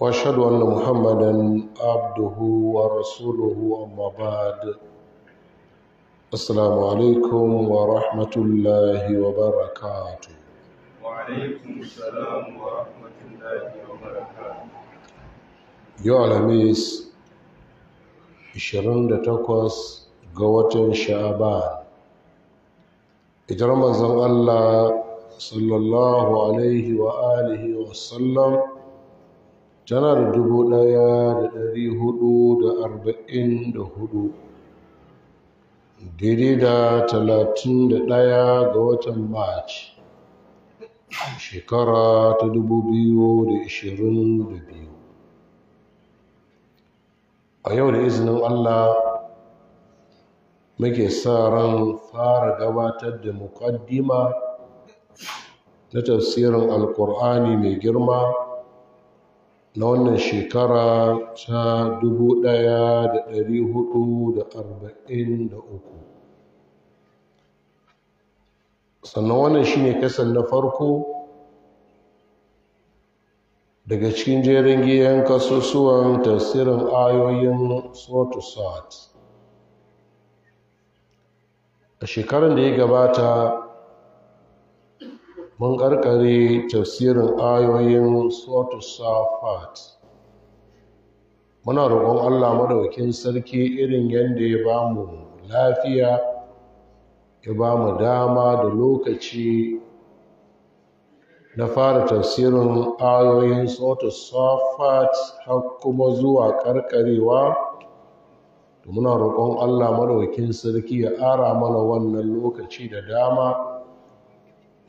واشهد ان محمدا عبده ورسوله اما بعد السلام عليكم ورحمه الله وبركاته وعليكم السلام ورحمه الله وبركاته يا الهميس 28 غوتن شعبان sha'aban الله صلى الله عليه واله وسلم tana da dubu ɗaya da ɗari hudu da arba'in da hudu daidai da talatin da ɗaya ga watan march shekara ta dubu biyu da ishirin da biyu a yau da izinin allah muke sa ran fara gabatar da mukaddima na tafsirin alkur'ani mai girma na wannan shekara ta dubu ɗaya da da da ɗari huɗu arba'in uku. sannan wannan shine kasan na farko daga cikin jerin giyan kasusuwan tasirin ayoyin sotosat a shekarar da ya gabata mun karkare tafsirin ayoyin suratu safat muna roƙon Allah maɗaukin sarki irin yadda ya ba mu lafiya ya ba mu dama da lokaci na fara tafsirin ayoyin suratu safat har kuma zuwa karkarewa muna roƙon Allah maɗaukin sarki ya ara mana wannan lokaci da dama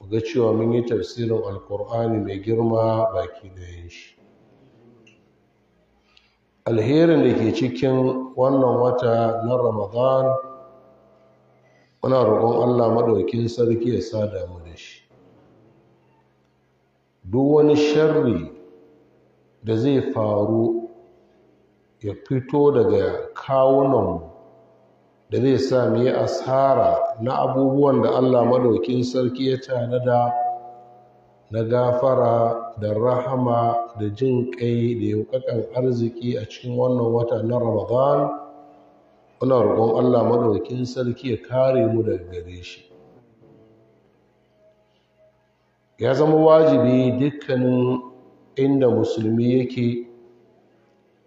ga cewa mun yi tafsirin alkur'ani mai girma baki ɗayan shi alherin da ke cikin wannan wata na ramadan muna roƙon allah maɗaukin sarki ya sa damu da shi duk wani sharri da zai faru ya fito daga kawunanmu da zai sa mu yi asara na abubuwan da Allah Maɗaukin sarki ya tanada na gafara da rahama da jin ƙai da yaukakan arziki a cikin wannan wata na Ramadan muna roƙon Allah Maɗaukin sarki ya kare mu daga gare shi ya zama wajibi dukkanin inda musulmi yake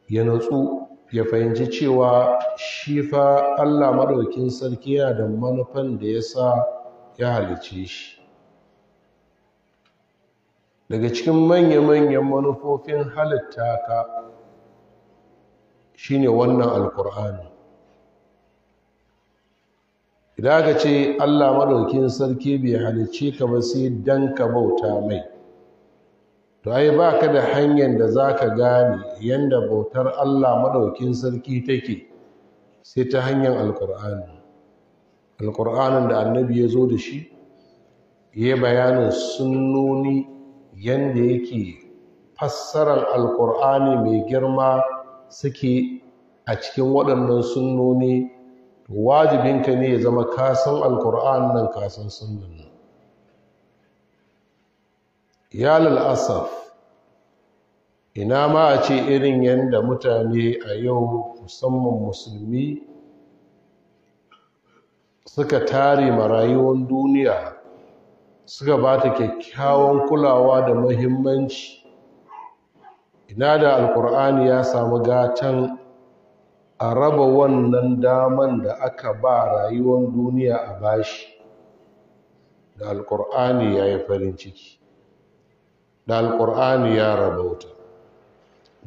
ya natsu ya fahimci cewa shi fa Allah maɗaukin sarki yana da manufan da ya sa ya halice shi daga cikin manya-manyan manufofin halitta ka shine wannan alkur'ani idan ka ce Allah maɗaukin sarki bai halice ka ba sai dan ka bauta mai to ai ba ka da hanyar da za ka gane yadda bautar Allah maɗaukin sarki take sai ta hanyar alƙur'ani alƙur'anin da annabi ya zo da shi ya bayanin sunnoni yadda yake fassarar alƙur'ani mai girma suke a cikin waɗannan sunnoni wajibinka ne ya zama kasan alƙur'an nan kasan sunnan ya lal'asaf ina ma a ce irin yadda mutane a yau musamman musulmi suka tare marayuwan duniya suka ba ta kyakkyawan kulawa da mahimmanci ina da alkur'ani ya samu gatan a raba wannan daman da aka ba rayuwan duniya a bashi da alkur'ani ya yi farin ciki da alkur'ani ya rabauta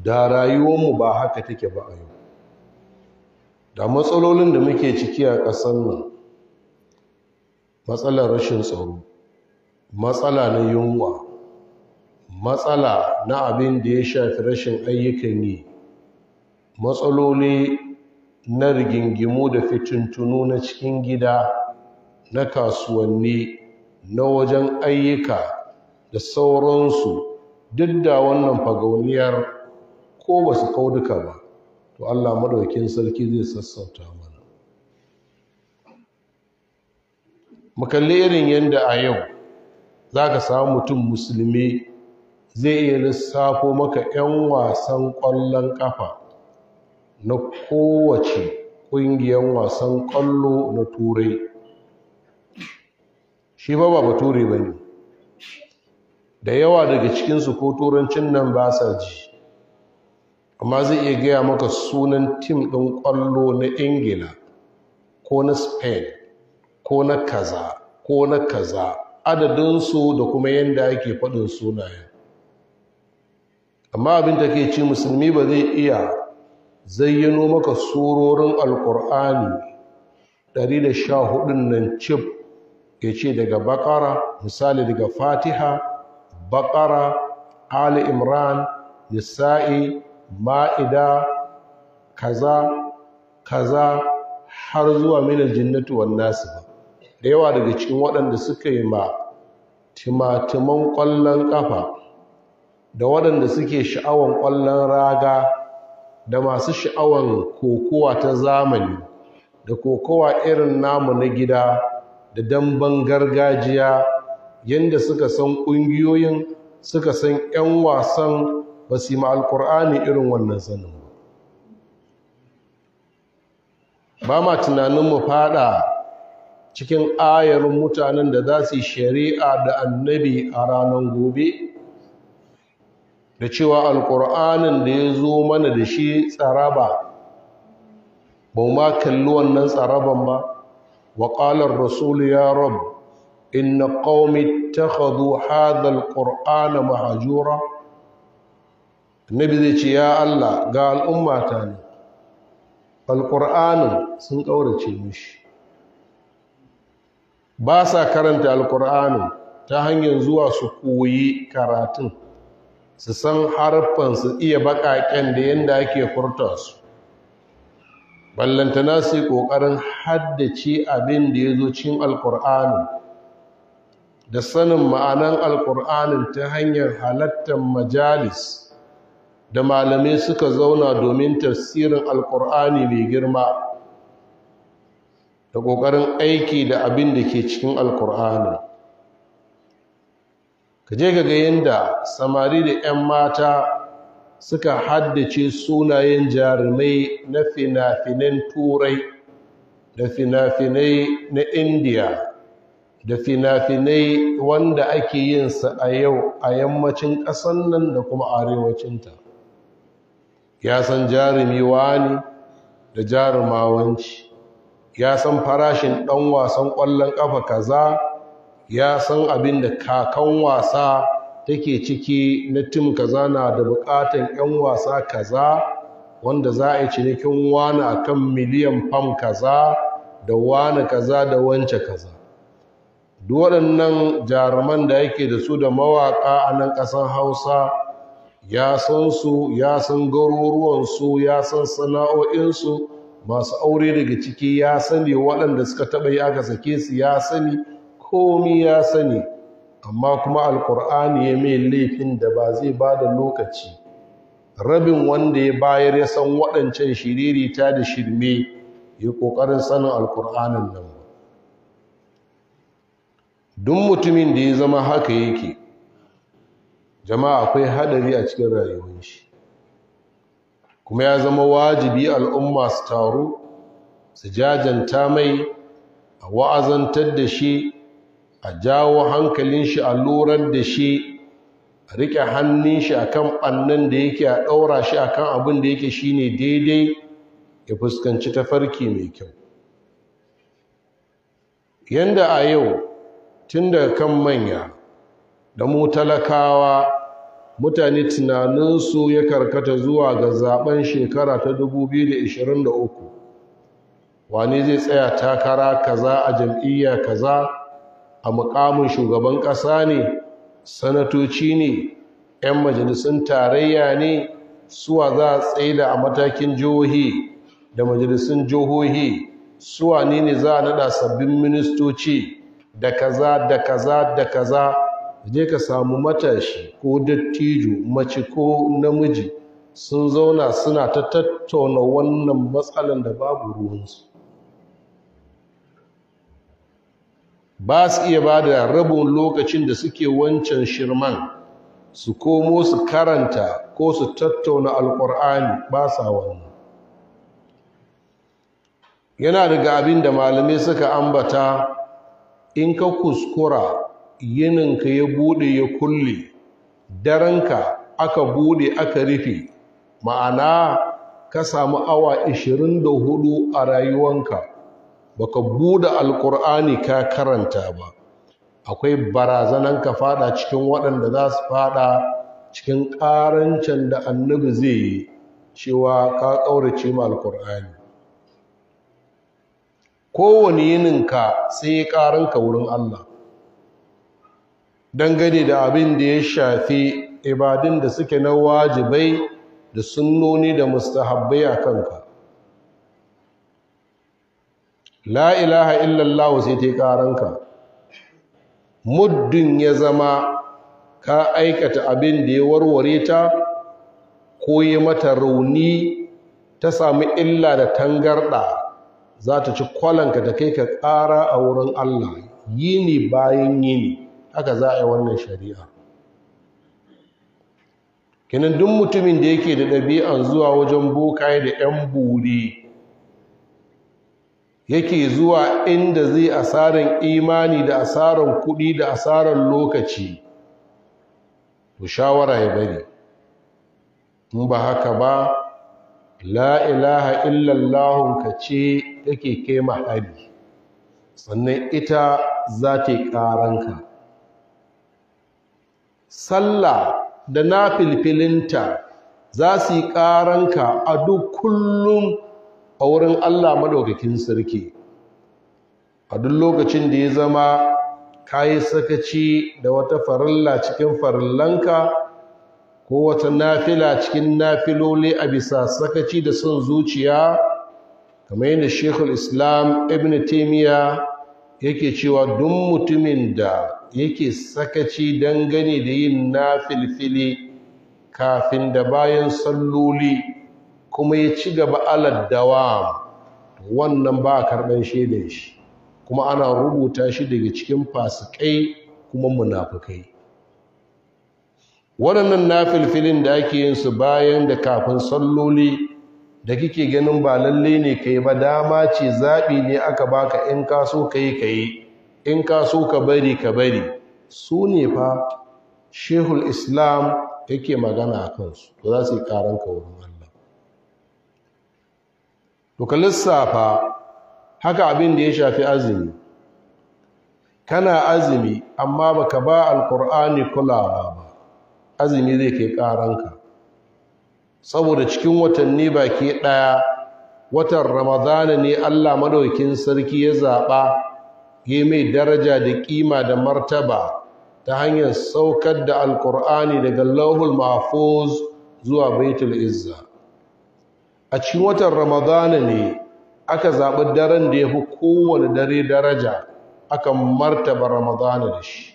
da rayuwar mu ba haka take ba a yau da matsalolin da muke ciki a ƙasar nan matsalar rashin tsaro matsala na yunwa matsala na abin da ya shafi rashin ayyukan yi matsaloli na rigingimu da fitintunu na cikin gida na kasuwanni na wajen ayyuka da sauransu duk da wannan fagauniyar ko ba su kauduka duka ba to allah maɗaukin sarki zai sassauta mana makalli irin yadda a yau za ka samu mutum musulmi zai iya lissafo maka 'yan wasan ƙwallon ƙafa na kowace ƙungiyar wasan ƙwallo na turai shi ba ba bature ba ne da yawa daga cikinsu ko turancin nan ba sa ji amma zai iya gaya maka sunan tim ɗin ƙwallo na ingila ko na spain ko na kaza ko na kaza adadinsu da kuma yadda ake faɗin sunayen amma abin da ke ci musulmi ba zai iya zayyano maka surorin alkur'ani 114 nan cif ya ce daga bakara misali daga fatiha baƙara ali imran nisa'i ma'ida kaza kaza har zuwa minal jinnatu wan nasu da yawa daga cikin waɗanda suka yi ma timatiman ƙwallon ƙafa da waɗanda suke sha'awan ƙwallon raga da masu sha'awan kokowa ta zamani da kokowa irin namu na gida da damben gargajiya yadda suka san ƙungiyoyin suka san 'yan wasan ba su ma Alƙur'ani irin wannan sanin ba ma tunanin mu fada cikin ayar mutanen da za su yi shari'a da annabi a ranar gobe da cewa alkur'anin da ya zo mana da shi tsaraba ba ma kalli wannan tsaraban ba wa ƙalar rasulu ya rabu إن قوم اتخذوا هذا القرآن مهجورا النبي ذي يا الله قال أمة تاني القرآن سنقورة مش باسا كرنت القرآن تهن ينزوا سكوي كراتن su san harfan su iya baƙaƙen da yadda ake furta su ballantana su yi ƙoƙarin haddace abin da ya zo cin alkur'ani da sanin ma'anan Alƙur'ani ta hanyar halattar majalis da malamai suka zauna domin tafsirin alƙur'ani mai girma da ƙoƙarin aiki da abin da ke cikin Alƙur'ani. ka je ga yadda samari da 'yan mata suka haddace sunayen jarumai na fina-finan turai da fina-finai na indiya da fina-finai wanda ake yin sa a yau a yammacin ƙasan nan da kuma arewacinta ya san jarumi wani da jarumawanci ya san farashin ɗan wasan ƙwallon ƙafa kaza ya san abin da kakan wasa take ciki na tim kaza na da buƙatan 'yan wasa kaza wanda za a yi cinikin wani akan miliyan fam kaza da wani kaza da wance kaza waɗannan jaruman da yake da su da mawaƙa a nan ƙasar hausa ya san su ya san garuruwansu ya san sana'o'insu masu aure daga ciki ya sani waɗanda suka taɓa yi aka sake su ya sani komi ya sani amma kuma alkur'ani ya mai laifin da ba zai ba da lokaci rabin wanda ya bayar ya san waɗancan ta da shirme ya ƙoƙarin sanin alkur'anin nan duk mutumin da ya zama haka yake jama'a akwai hadari a cikin rayuwar shi kuma ya zama wajibi al'umma su taru su jajanta mai a wa'azantar da shi a jawo hankalin shi a lurar da shi a riƙe hannun shi a kan ɓannan da yake a ɗaura shi a kan abin da yake shi ne daidai ya fuskanci tafarki mai kyau yanda a yau tun daga kan manya da mu talakawa mutane tunaninsu ya karkata zuwa ga zaben shekara ta 2023 wani zai tsaya takara kaza a jam'iyya kaza a mukamin shugaban ƙasa ne sanatoci ne 'yan majalisun tarayya ne suwa za a tsaida a matakin jihohi da majalisun jihohi suwa ne ne za a nada sabbin ministoci da kaza da kaza da kaza je ka samu matashi ko dattijo mace ko namiji sun zauna suna ta tattauna wannan matsalan da babu ruwansu ba su iya ba da rabin lokacin da suke wancan shirman su komo su karanta ko su tattauna alkur'ani ba sa wannan yana daga abin da malamai suka ambata in ka kuskura yininka ya bude ya kulle daranka aka bude aka rufe ma'ana ka samu awa 24 a rayuwanka baka bude alkur'ani ka karanta ba akwai barazanan ka fada cikin waɗanda za su fada cikin ƙarancin da annabi zai yi cewa ka ƙaurace ma alkur'ani kowane yininka sai ya ƙaranka wurin Allah dangane da abin da ya shafi ibadin da suke na wajibai da sunnoni da mustahabbai a kanka la ilaha illallah sai ta yi ƙaranka muddin ya zama ka aikata abin da ya warware ta ko yi mata rauni ta sami illa da tangarɗa za ta ci kwalanka da kai ka ƙara a wurin Allah yini bayan yini haka za a yi wannan shari'a kinan duk mutumin da yake da ɗabi'an zuwa wajen bokaye da 'yan buri yake zuwa inda zai asaran imani da asarin kuɗi da asarin lokaci to shawara ya bari in ba haka ba la ilaha illallahun ka ce take kai hari sannan ita za ta ƙaranka sallah da na filfilinta za su yi ƙaranka a duk kullum a wurin allah maɗaukakin sarki a duk lokacin da ya zama ka yi sakaci da wata farilla cikin farillanka ko wata nafila cikin nafiloli a bisa sakaci da son zuciya kamar yadda shekul islam ibn taimiyya yake cewa duk mutumin da yake sakaci dangane da yin nafilfili kafin da bayan salloli kuma ya ci gaba alad dawa, wannan ba a karɓar shaidan shi kuma ana rubuta shi daga cikin fasikai kuma munafukai waɗannan nafilfilin da ake yin su bayan da kafin salloli da kike ganin ba lalle ne kai ba dama ce zaɓi ne aka baka in ka so ka yi ka yi in ka so ka bari ka bari su ne fa shehul islam yake magana a kansu to za su yi ƙaran ka wurin Allah to ka lissafa haka abin da ya shafi azumi kana azumi amma baka ba alkur'ani kulawa ba azumi zai kai ƙaranka saboda cikin watanni baki ɗaya watan ramadana ne allah madaukin sarki ya zaɓa ya mai daraja da ƙima da martaba ta hanyar saukar da alkur'ani daga lauhul mahfuz zuwa baitul izza a cikin watan ramadana ne aka zaɓi daren da ya fi kowane dare daraja aka martaba ramadana da shi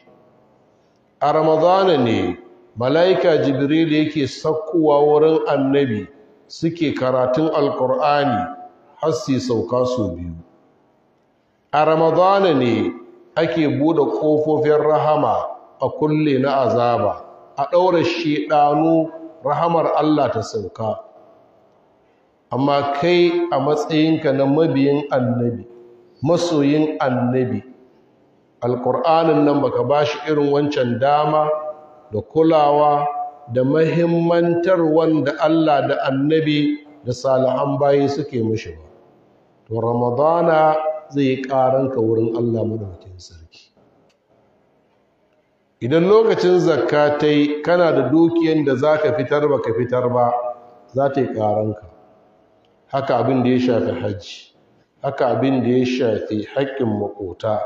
a ramadana ne mala'ika jibril yake sakkowa wurin annabi suke karatun alkur'ani har su sauka su biyu a ramadana ne ake buɗe ƙofofin rahama a kulle na azaba a ɗaura shiɗanu rahamar allah ta sauka amma kai a matsayinka na mabiyin annabi masoyin annabi alƙur'anin nan baka ba shi irin wancan dama da kulawa da mahimmantar wanda Allah da annabi da salihan bayi suke mishi ba to ramadana zai yi ƙaranka wurin Allah madaukakin sarki idan lokacin zakka ta kana da dukiyan da zaka fitar ba ka fitar ba za ta yi ƙaranka haka abin da ya shafi hajji haka abin da ya shafi haƙƙin makota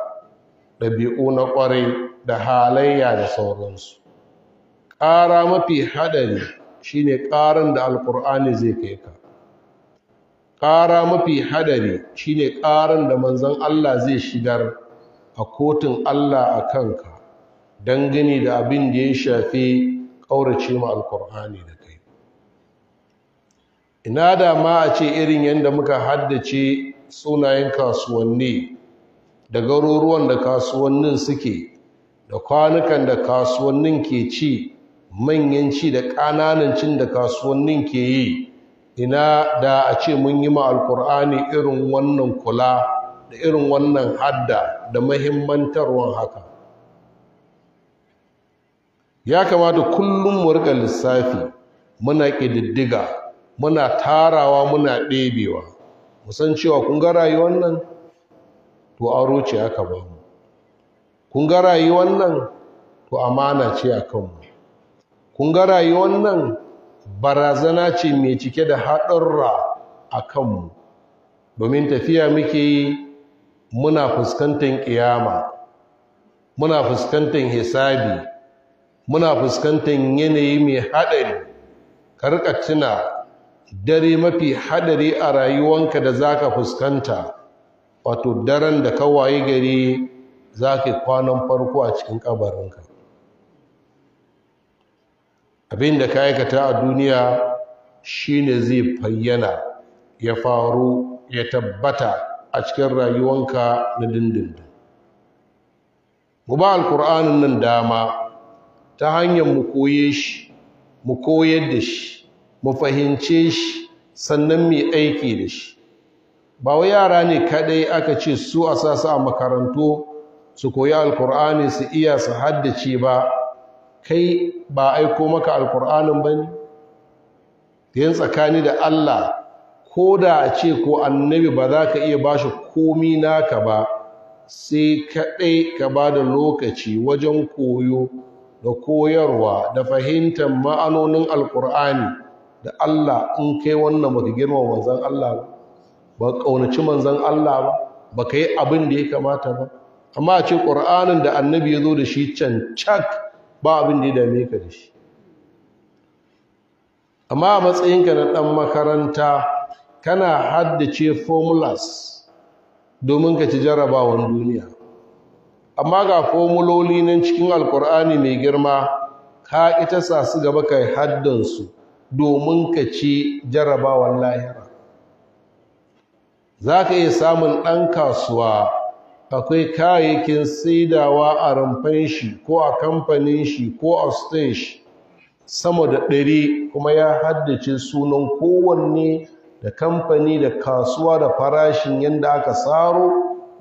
ɗabi'u na ƙwarai da halayya da sauransu ƙara mafi haɗari shine ƙaran da alƙur'ani zai kai ka ƙara mafi haɗari shine ƙaran da manzan Allah zai shigar a kotun Allah a kanka dangane da abin da ya shafi ƙaurace ma alƙur'ani da kai ina da ma a ce irin yadda muka haddace sunayen kasuwanni da garuruwan da kasuwannin suke da kwanukan da kasuwannin ke ci manyan ci da ƙananan cin da kasuwannin ke yi ina da a ce mun yi ma alkur'ani irin wannan kula da irin wannan hadda da mahimmantarwar haka ya kamata kullum mu riƙa lissafi muna ƙididdiga muna tarawa muna ɗebewa musan cewa kun ga rayuwar nan to aro ce aka ba mu kun ga rayuwar nan to amana ce a kanmu kun ga rayuwar nan barazana ce mai cike da haɗarra a kanmu domin tafiya muke yi muna fuskantar ƙiyama muna fuskantar hisabi muna fuskantar yanayi mai haɗari karka tuna dare mafi haɗari a rayuwanka da za ka fuskanta wato daren da ka gari za ka kwanan farko a cikin ƙabarinka abin da ka aikata a duniya shi ne zai fayyana ya faru ya tabbata a cikin rayuwanka na dindindin ba alkur'anin nan dama ta hanyar mu koye shi mu koyar da shi mu fahimce shi sannan mai aiki da shi ba wa yara ne kadai aka ce su a sasa a makarantu su koyi alkur'ani su iya su haddace ba kai ba aiko maka alkur'anin ba ne yin tsakani da allah ko da a ce ko annabi ba za ka iya ba shi komi naka ba sai kaɗai ka ba da lokaci wajen koyo da koyarwa da fahimtar ma'anonin alkur'ani da allah in kai wannan baka girma manzan allah ba ba ƙaunaci manzan allah ba ba ka yi abin da ya kamata ba amma a ce ƙur'anin da annabi ya zo da shi can cak ba abin da ya dame ka da shi amma a matsayinka na ɗan makaranta kana haddace formulas domin ka ci jarabawan duniya amma ga formuloli nan cikin alkur'ani mai girma ka ita sa su gaba ka haddansu domin ka ci jarabawan lahira za ka iya samun ɗan kasuwa akwai kayayyakin saidawa a rumfan shi ko a kamfanin shi ko a stain shi sama da ɗari kuma ya haddace sunan kowanne da kamfani da kasuwa da farashin yadda aka tsaro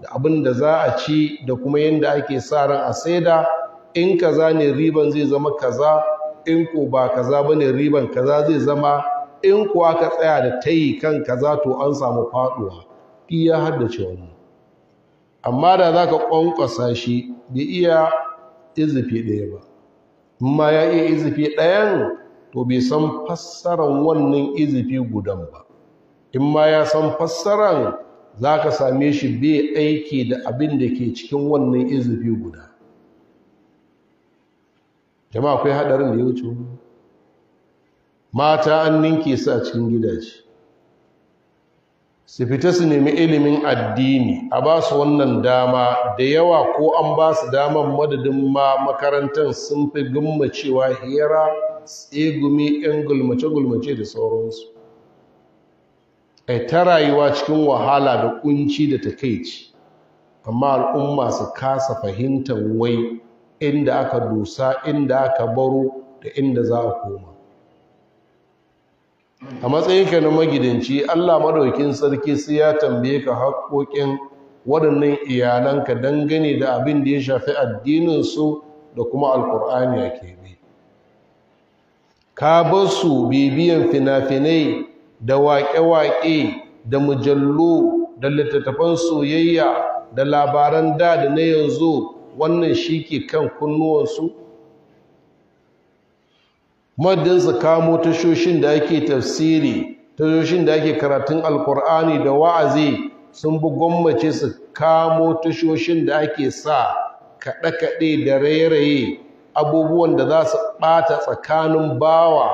da abin da za a ci da kuma yadda ake tsarin a saida in kaza ne riban zai zama kaza in ko ba kaza ne, riban kaza zai zama in kuwa ka tsaya da tayi kan kaza to an samu faɗuwa Ya haddace wannan amma da za ka ƙwanƙwasa shi bai iya izifi ɗaya ba amma ya iya izifi ɗayan to bai san fassaran wannan izifi gudan ba in ma ya san fassaran za ka same shi bai aiki da abin da ke cikin wannan izifi guda jama'a akwai haɗarin da ya wuce mata an ninke su a cikin gidaje su fita su nemi ilimin addini a ba su wannan dama da yawa ko an ba su damar madadin ma makarantar sun fi gummacewa hira tsegumi yan gulmace-gulmace da sauransu ai ta rayuwa cikin wahala da kunci da takeici amma al'umma su kasa fahimtar wai inda aka dusa, inda aka baro da inda za a koma a matsayinka na magidanci Allah madaukin sarki sai ya tambaye ka haƙoƙin waɗannan iyalanka dangane da abin da ya shafi addininsu da kuma alkur'ani a keɓe ka bar su bibiyan fina-finai da waƙe-waƙe da mujallu da littattafan soyayya da labaran da da na yanzu wannan shi ke kan kunnuwansu madadin su kamo tashoshin da ake tafsiri tashoshin da ake karatun alkur'ani da wa'azi sun bi gwammace su kamo tashoshin da ake sa kaɗe-kaɗe da rairaye abubuwan da za su ɓata tsakanin bawa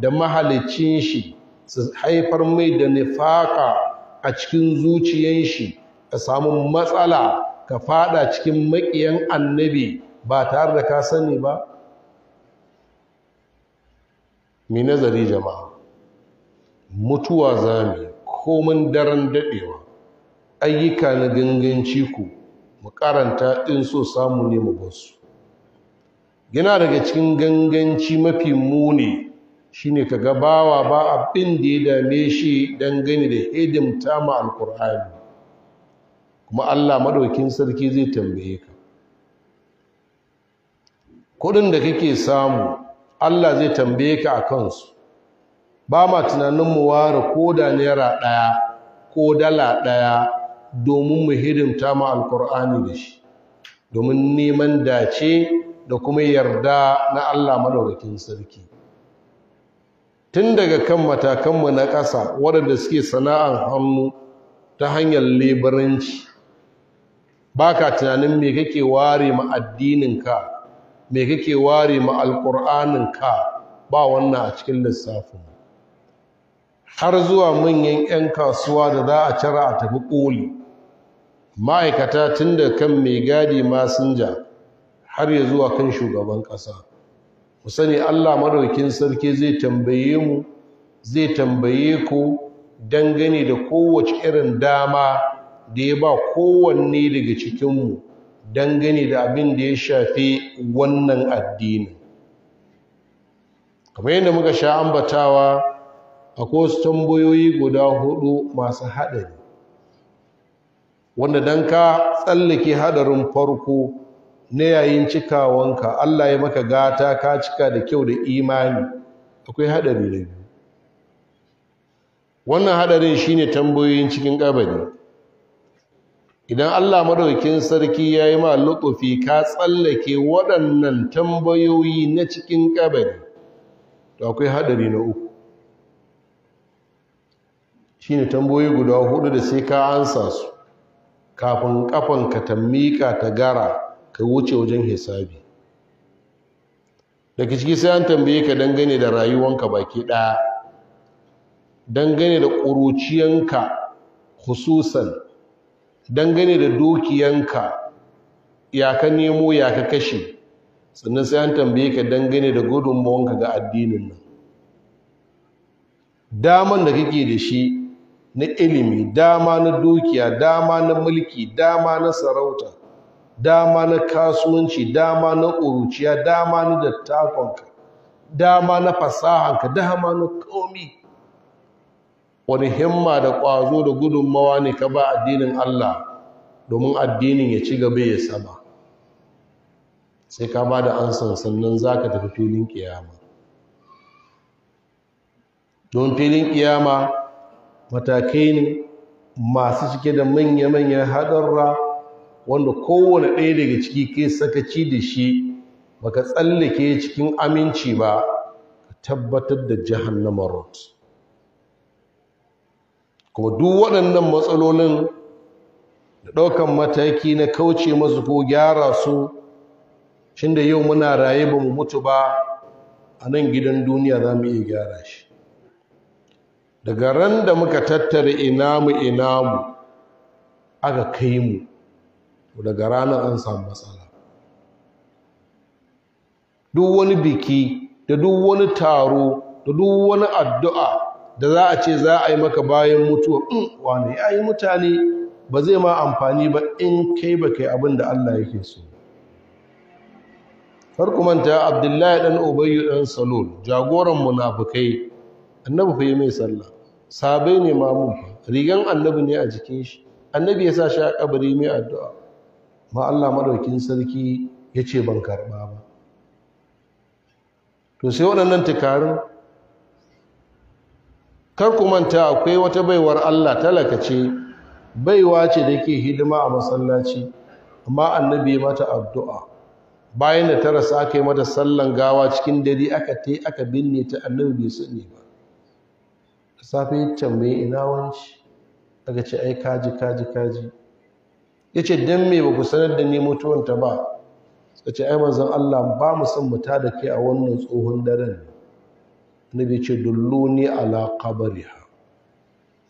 da mahalicin shi su haifar mai da nifaka a cikin zuciyan shi a samu matsala ka fada cikin maƙiyan annabi ba tare da ka sani ba mai nazari jama'a mutuwa za mu komin daren daɗewa ayyuka na ganganci ku mu karanta in so samu ne mu basu yana daga cikin ganganci mafi muni shine ka gabawa ba abin da ya dame shi dangane da hidimta ma alkur'ani kuma allah maɗaukin sarki zai tambaye ka kuɗin da kake samu Allah zai tambaye ka a kansu ba ma tunanin mu ware ko da naira ɗaya ko dala ɗaya domin mu hidimta ma alkur'ani da shi domin neman dace da kuma yarda na Allah madaukakin sarki tun daga kan matakanmu na ƙasa waɗanda suke sana'ar hannu ta hanyar leburanci ba ka tunanin me kake ware ma addinin ka. me kake ware ma alƙur'anin ka ba wannan a cikin lissafin har zuwa manyan 'yan kasuwa da za a cira a tafi ƙoli ma'aikata tun da kan mai gadi masinja har ya zuwa kan shugaban ƙasa ku sani allah madaukin sarki zai tambaye mu zai tambaye ku dangane da kowace irin dama da ya ba kowanne daga cikinmu dangane da abin da ya shafi wannan addini kamar yadda muka sha ambatawa akwai wasu tambayoyi guda hudu masu haɗari wanda don ka tsallake haɗarin farko na yayin cikawanka Allah ya maka gata ka cika da kyau da imani akwai haɗari da biyu wannan haɗarin shine tambayoyin cikin ƙabari idan Allah madaukakin sarki ya yi ma lutufi ka tsallake waɗannan tambayoyi na cikin kabari to akwai hadari na uku shine tambayoyi guda hudu da sai ka ansa su kafin kafan ka ta ta gara ka wuce wajen hisabi daga ciki sai an tambaye ka dangane da rayuwanka baki ɗaya dangane da ƙuruciyanka hususan dangane da dukiyanka ya ka nemo ya ka kashe sannan sai an tambaye ka dangane da gudunmawanka ga addinin nan daman da kake da shi na ilimi dama na dukiya dama na mulki dama na sarauta dama na kasuwanci dama na ƙuruciya dama na dattakonka dama na fasahanka dama na komi wani himma da ƙwazo da gudunmawa ne ka ba addinin Allah domin addinin ya ci gaba ya saba sai ka ba da ansan sannan za ka tafi filin ƙiyama don filin ƙiyama matakai ne masu cike da manya-manyan haɗarra wanda kowane ɗaya daga ciki ke sakaci da shi baka tsallake cikin aminci ba ka tabbatar da jahannamar rotu kuma duk waɗannan matsalolin da ɗaukan mataki na kauce masu ko gyara su shi da yau muna raye ba mu mutu ba a nan gidan duniya za mu iya gyara shi daga ran da muka tattara inamu inamu aka kai mu daga ranar an samu matsala duk wani biki da duk wani taro da duk wani addu'a da za a ce za a yi maka bayan mutuwa mm, wani ya yi mutane ba zai ma amfani ba in kai ba kai abin da Allah yake so farkumanta manta abdullahi dan ubayyu dan Salon, jagoran munafukai annabi fa yi mai sallah sabai ne mamun rigan annabi ne a jikin shi annabi ya sa shi a kabari mai addu'a ma Allah madaukin sarki ya ce ban karba ba to sai waɗannan tukarin kar ku manta akwai wata baiwar Allah talaka ce baiwa ce da ke hidima a masallaci amma annabi mata addu'a bayan da ta rasa aka mata sallan gawa cikin dare aka te aka binne ta annabi bai sani ba da safe mai ina wanci daga ce ai kaji kaji kaji ya ce don me ba ku sanar da ni mutuwanta ba ta ce ai manzon Allah ba mu san mu da ke a wannan tsohon daren nabi ce dulluni ala qabriha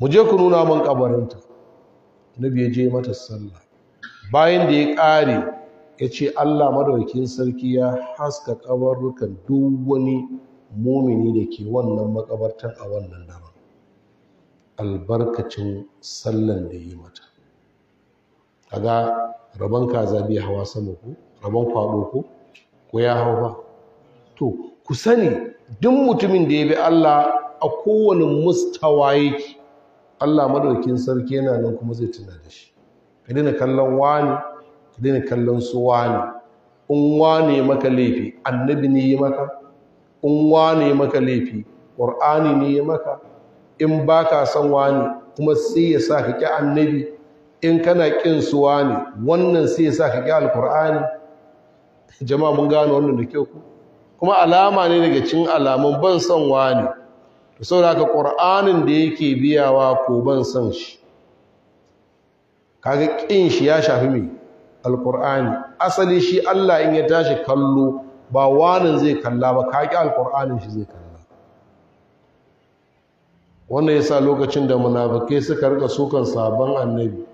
mu je ku nuna min kabarinta nabi ya je mata sallah bayan da ya ƙare ya ce Allah madaukakin sarki ya haska kabarukan duk wani mumini da ke wannan makabartar a wannan daren albarkacin sallan da yi mata kaga rabon kaza bai hawa sama ku rabon kwado ku ku ya hau ba to ku sani duk mutumin da ya bi Allah a kowane mustawa yake Allah madaukin sarki yana nan kuma zai tuna da shi ka daina kallon wani ka daina kallon su wani in wane maka laifi annabi ne ya maka in wane maka laifi ƙur'ani ne ya maka in ba ka son wani kuma sai ya saka ka annabi in kana ƙin su wani wannan sai ya saka ki ƙi alƙur'ani jama'a mun gane wannan da kyau ku kuma alama ne daga cin alamun ban son wani to saboda haka qur'anin da yake biyawa ko ban son shi kaga kin shi ya shafi mai alqur'ani asali shi Allah in ya tashi kallo ba wani zai kalla ba kaki alqur'anin shi zai kalla wannan yasa lokacin da munafikai suka rika sukan sabon annabi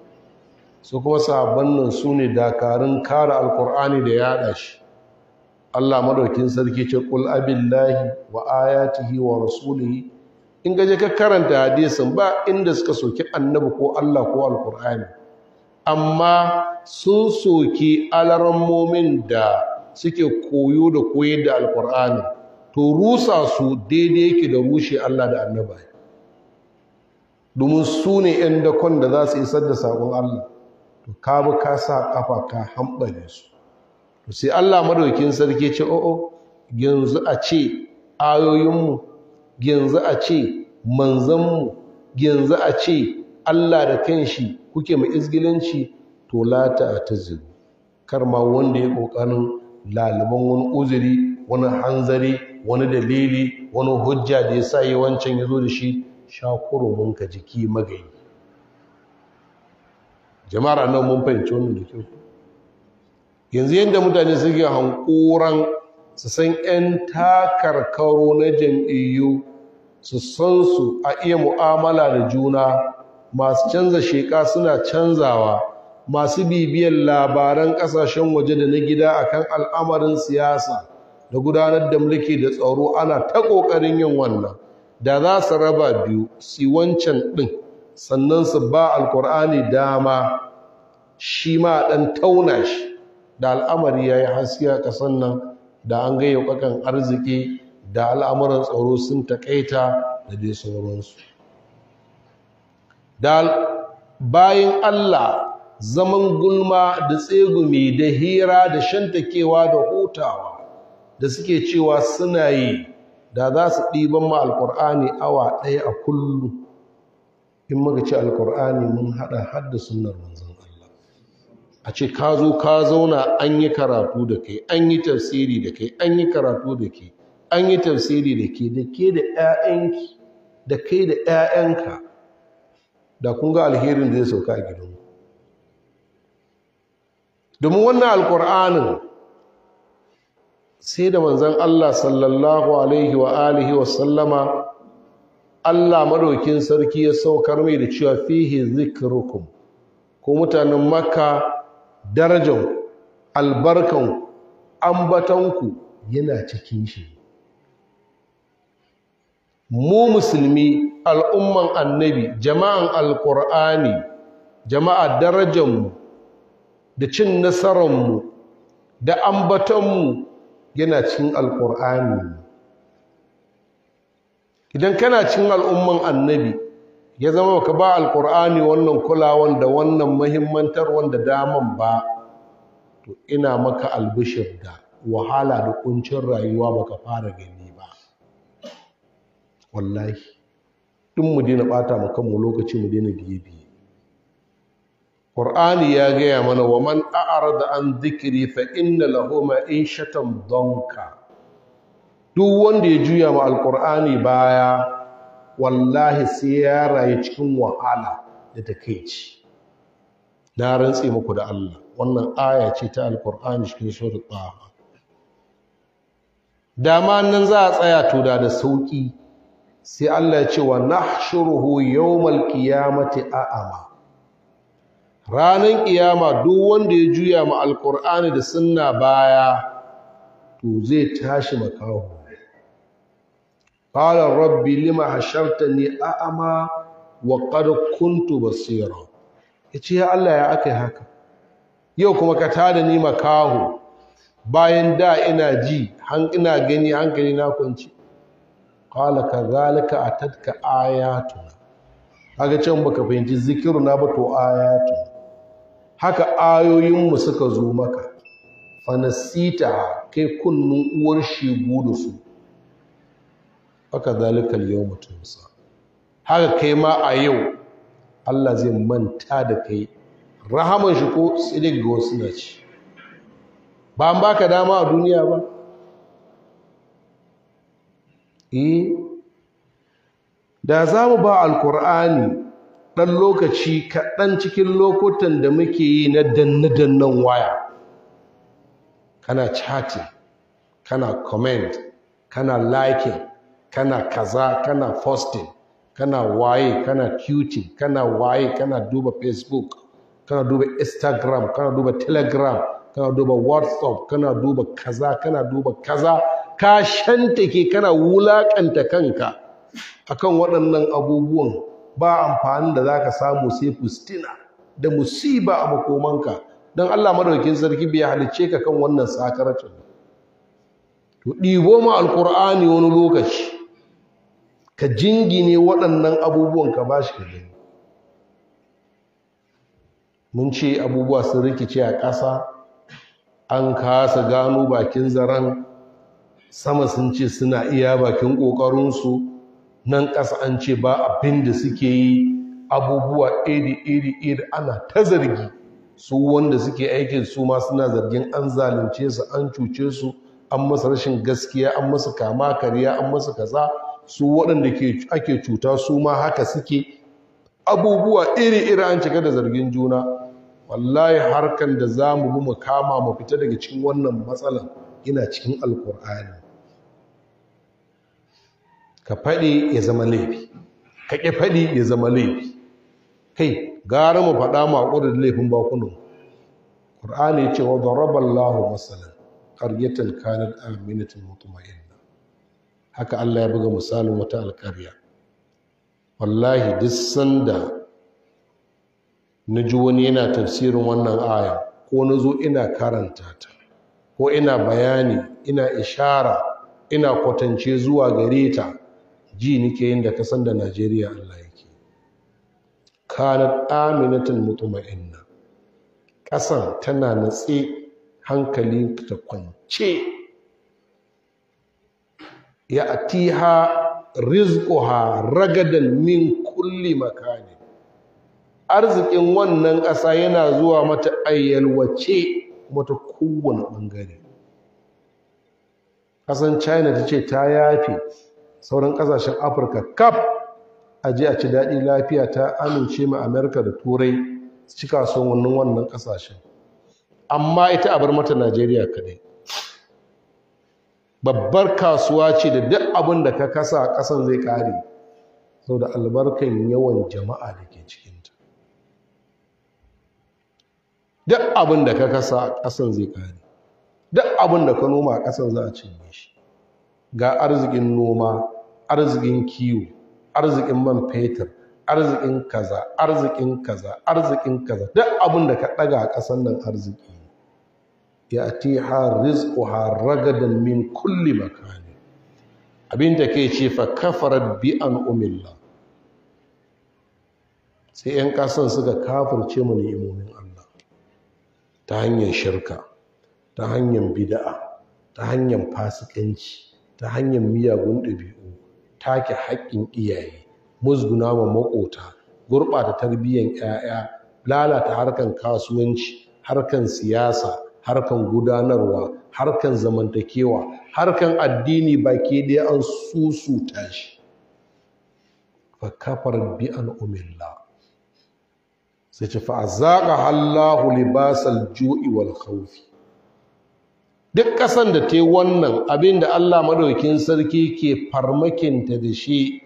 su kuma sabon nan su ne dakarun kare alkur'ani da yada shi Allah madaukin sarki ce kul abillahi wa ayatihi wa rasulihi in gaje ka karanta hadisin ba inda suka soki annabi ko Allah ko alqur'ani amma sun soki mumin da suke koyo da koyar da alqur'ani to rusa su daidai yake da rushe Allah da annabi domin su ne 'yan dakon da za su isar da sabon Allah to ka bi ka sa kafa ka hambale su sai Allah madaukin sarki ce o'o oh, oh, yanzu a ce ayoyinmu yanzu a ce manzanmu yanzu a ce Allah da kanshi kuke mu izgilanci to lata ta ziru kar ma wanda ya kokarin laliban wani uzuri wani hanzari wani dalili wani hujja da ya sa yi wancan ya zo da shi sha mun ka jiki magayi jama'ar nawa mun fahimci wannan da kyau yanzu yadda mutane suke hankoran su san 'yan takarkaro na jam'iyyu su san su a iya mu'amala da juna masu canza sheƙa suna canzawa masu bibiyar labaran ƙasashen waje da na gida akan al'amarin siyasa da gudanar da mulki da tsaro ana ta ƙoƙarin yin wannan da za su raba biyu si wancan ɗin sannan su ba alkur'ani dama shi ma ɗan tauna shi da al'amari ya yi hasiya kasan nan da an gaya kwakan arziki da al'amuran tsaro sun taƙaita da dai sauransu da bayan allah zaman gulma da tsegumi da hira da shantakewa da hutawa da suke cewa suna yi da za su ɗiban ma alkur'ani awa ɗaya a kullum in muka ci alkur'ani mun haɗa haddasa sunnar manzan a ce ka zo ka zauna an yi karatu da kai an yi tafsiri da kai an yi karatu da ke an yi tafsiri da ke da ke da 'ya'yanki da kai da 'ya'yanka da kun ga alherin da zai sauka a gidanku domin wannan alkur'anin sai da manzan Allah sallallahu alaihi wa alihi wa sallama Allah madaukin sarki ya saukar mai da cewa fihi zikrukum ko mutanen makka darajan albarkan ambatanku yana cikin shi mu musulmi al'umman annabi jama'an alkur'ani jama'a darajanmu da cin nasararmu da ambatanmu yana cikin alƙur'ani idan kana cikin al'umman annabi ya zama ka ba Alƙur'ani wannan kulawan da wannan mahimmantar wanda daman ba to ina maka albishir da wahala da kuncin rayuwa baka fara gani ba wallahi ɗin mu daina bata mu kanmu lokaci mu daina biye biye Qur'ani ya gaya mana wa man a'rada an zikiri fa inna lahu ma'ishatan donka. duk wanda ya juya ma alqur'ani baya wallahi sai ya rayu cikin wahala da takeici na rantse muku da Allah wannan aya ce ta alkur'ani cikin suratul taha dama nan za a tsaya to da da sauki sai Allah ya ce wa nahshuruhu yawmal qiyamati a'ama ranan kiyama duk wanda ya juya ma alqur'ani da sunna baya to zai tashi makaho qala rabbi lima hashartani a'ama wa qad kuntu basira yace ya Allah ya akai haka yau kuma ka tada ni makaho bayan da ina ji han ina gani hankali na kwanci qala kadhalika atatka ayatuna kaga can baka fahimci na ba to ayatu haka ayoyinmu suka zo maka fanasita kai kunnun uwar shegu da su baka zalika yau mutum sa haka kai ma a yau Allah zai manta da kai rahaman shi ko tsirin ga wasu na ci ba an baka dama a duniya ba eh da za mu ba alkur'ani ɗan lokaci kaɗan cikin lokutan da muke yi na danne-dannen waya kana chatting kana comment kana liking kana kaza kana posting kana waye kana cuting kana waye kana duba facebook kana duba instagram kana duba telegram kana duba whatsapp kana duba kaza kana duba kaza ka shantake kana wulakanta kanka akan waɗannan abubuwan ba amfani da zaka samu sai fustina da musiba a makomanka don Allah madaukakin sarki bai halicce ka kan wannan sakaratun to ɗibo ma alkur'ani wani lokaci ka jingine waɗannan abubuwan ka ba shi ka gani mun ce abubuwa sun rikice a ƙasa an kasa gano bakin zaren sama sun ce suna iya bakin ƙoƙarinsu nan ƙasa an ce ba abin da suke yi abubuwa iri-iri-iri ana ta zargi su wanda suke aikin su ma suna zargin an zalunce su an cuce su an masa rashin gaskiya an masa kama karya an masa kaza su waɗanda ake cuta su ma haka suke abubuwa iri-iri an cika da zargin juna wallahi harkar da za mu mu kama mu fita daga cikin wannan matsalan ina cikin alkur'ani ka faɗi ya zama laifi ka ƙi faɗi ya zama laifi kai gara mu faɗa mu haƙuri da laifin bakunan ƙur'ani ce wa daraballahu masalan ƙaryatar kanar aminatun mutuma'in haka Allah ya buga misalin wata alƙarya wallahi duk sanda na ji wani yana tafsirin wannan aya ko na zo ina karanta ta ko ina bayani ina ishara ina kwatance zuwa gare ta ji nike yin da kasan da najeriya allah yake kanat aminatin mutuma'inna ƙasan tana natse hankali ta kwance ya atiha ha ragadan min kulli makani arzikin wannan ƙasa yana zuwa mata ayyalwace mata kowane ɓangare Kasan china ta ce ta yafe sauran ƙasashen afirka kaf a a ci daɗi lafiya ta amince ma Amurka da turai su ci kasuwannin wannan ƙasashen amma ita a bar mata najeriya kaɗai babbar kasuwa ce da duk abin da ka kasa a ƙasan zai ƙare sau da albarkan yawan jama'a da ke cikinta duk abin da ka kasa a ƙasan zai ƙare duk abin da ka noma a ƙasan za a cinye shi ga arzikin noma arzikin kiwo arzikin man fetur arzikin kaza arzikin kaza arzikin kaza duk abin da ka ɗaga a ƙasan nan arziki ya'tiha rizquha ragadan min kulli makani abin da ke ce fa kafarat bi an umilla sai 'yan kasan suka kafirce mu imomin Allah ta hanyar shirka ta hanyar bida'a ta hanyar fasikanci ta hanyar miyagun ɗabi'u take haƙƙin iyaye musguna wa maƙota gurɓata tarbiyyar 'ya'ya lalata harkan kasuwanci harkan siyasa harkan gudanarwa harkan zamantakewa harkan addini baki daya an susuta shi fa kafar bi an umilla sai ce fa azaqa Allahu libasal ju'i wal khawfi duk ƙasan da ta wannan abin da Allah madaukin sarki ke farmakinta da shi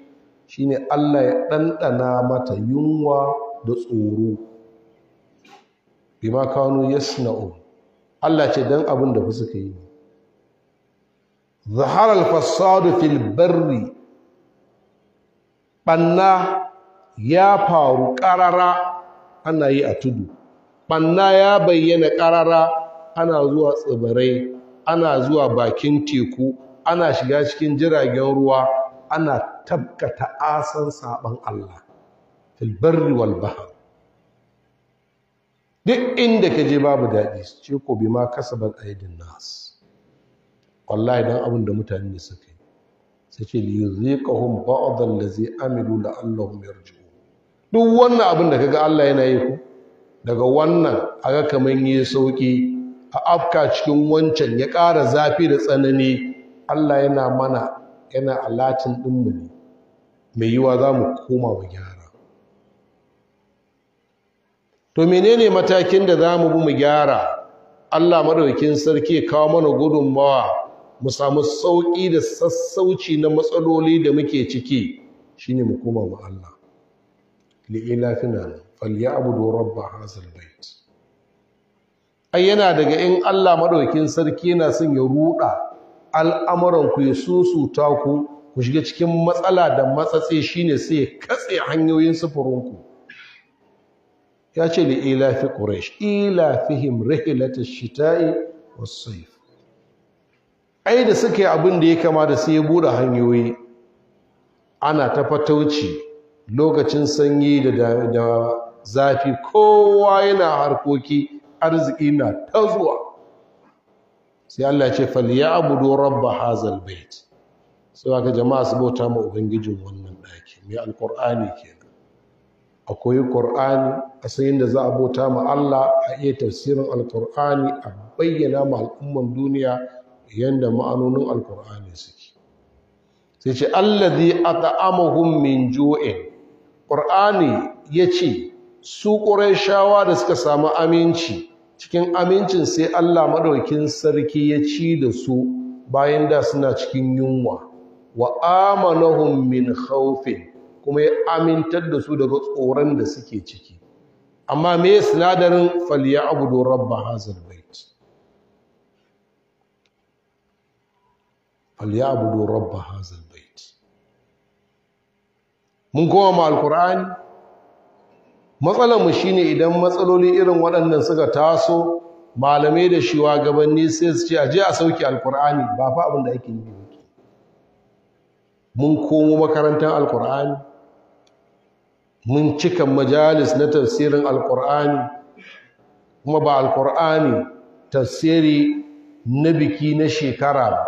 shine Allah ya dandana mata yunwa da tsoro bima kanu yasna'un Allah ce don abin da ka yi zahar al-fasadu Ɓanna ɓanna ya faru ƙarara, ana yi a tudu Ɓanna ya bayyana ƙarara. ana zuwa tsibirai ana zuwa bakin teku ana shiga cikin jiragen ruwa ana tabkata ta'asan saban Allah Filbarri walbahar. duk inda ka je babu daɗi ce ko bi ma kasabar aidin nas wallahi dan abin da mutane ne suka yi sai ce li yuziqahum ba'd allazi amilu la'allahum yarji'un duk wannan abin da kaga Allah yana yi ku daga wannan aga kaman yi sauki a afka cikin wancan ya ƙara zafi da tsanani Allah yana mana yana alatin ɗinmu ne mai yiwa za mu koma mu gyara to menene matakin da za mu bi mu gyara allah maɗaukin sarki kawo mana gudunmawa mu samu sauƙi da sassauci na matsaloli da muke ciki shine mu koma allah li'ilafina rabba hazal bait ai yana daga in allah maɗaukin sarki yana son ya ruɗa al'amuran ku ya susuta ku ku shiga cikin matsala da matsatsi shine sai ya katse hanyoyin sufurinku ya ce da ilafi ƙuresh ilafihim rahilata shita'i wasaif ai da suka yi abin da ya kama da sai ya buɗe hanyoyi ana ta fatauci lokacin sanyi da zafi kowa yana harkoki arziki na ta zuwa sai Allah ce faliya abudu rabba hazal bait sai aka jama'a su bauta ma ubangijin wannan ɗaki mai alƙur'ani kenan a koyi ƙur'ani a sayin da za a bauta ma Allah a iya tafsirin alƙur'ani a bayyana ma al'umman duniya yadda ma'anonin alƙur'ani suke sai ce allazi at'amahum min ju'in ƙur'ani ya ce su shawa da suka samu aminci cikin amincin sai Allah maɗaukin sarki ya ci da su bayan da suna cikin yunwa wa amanahum min khawfin kuma ya amintar da su daga tsoron da suke ciki amma me sinadarin faliya abudu rabba hazard bait faliya abudu rabba hazard bait mun koma ma alkur'ani matsalar mu shine idan matsaloli irin waɗannan suka taso malamai da shiwa gabanni sai su ce a je a sauke alkur'ani ba fa abin da ake yi mun komo makarantar alkur'ani mun cika majalis na tafsirin alkur'ani kuma ba alkur'ani tafsiri na biki na shekara ba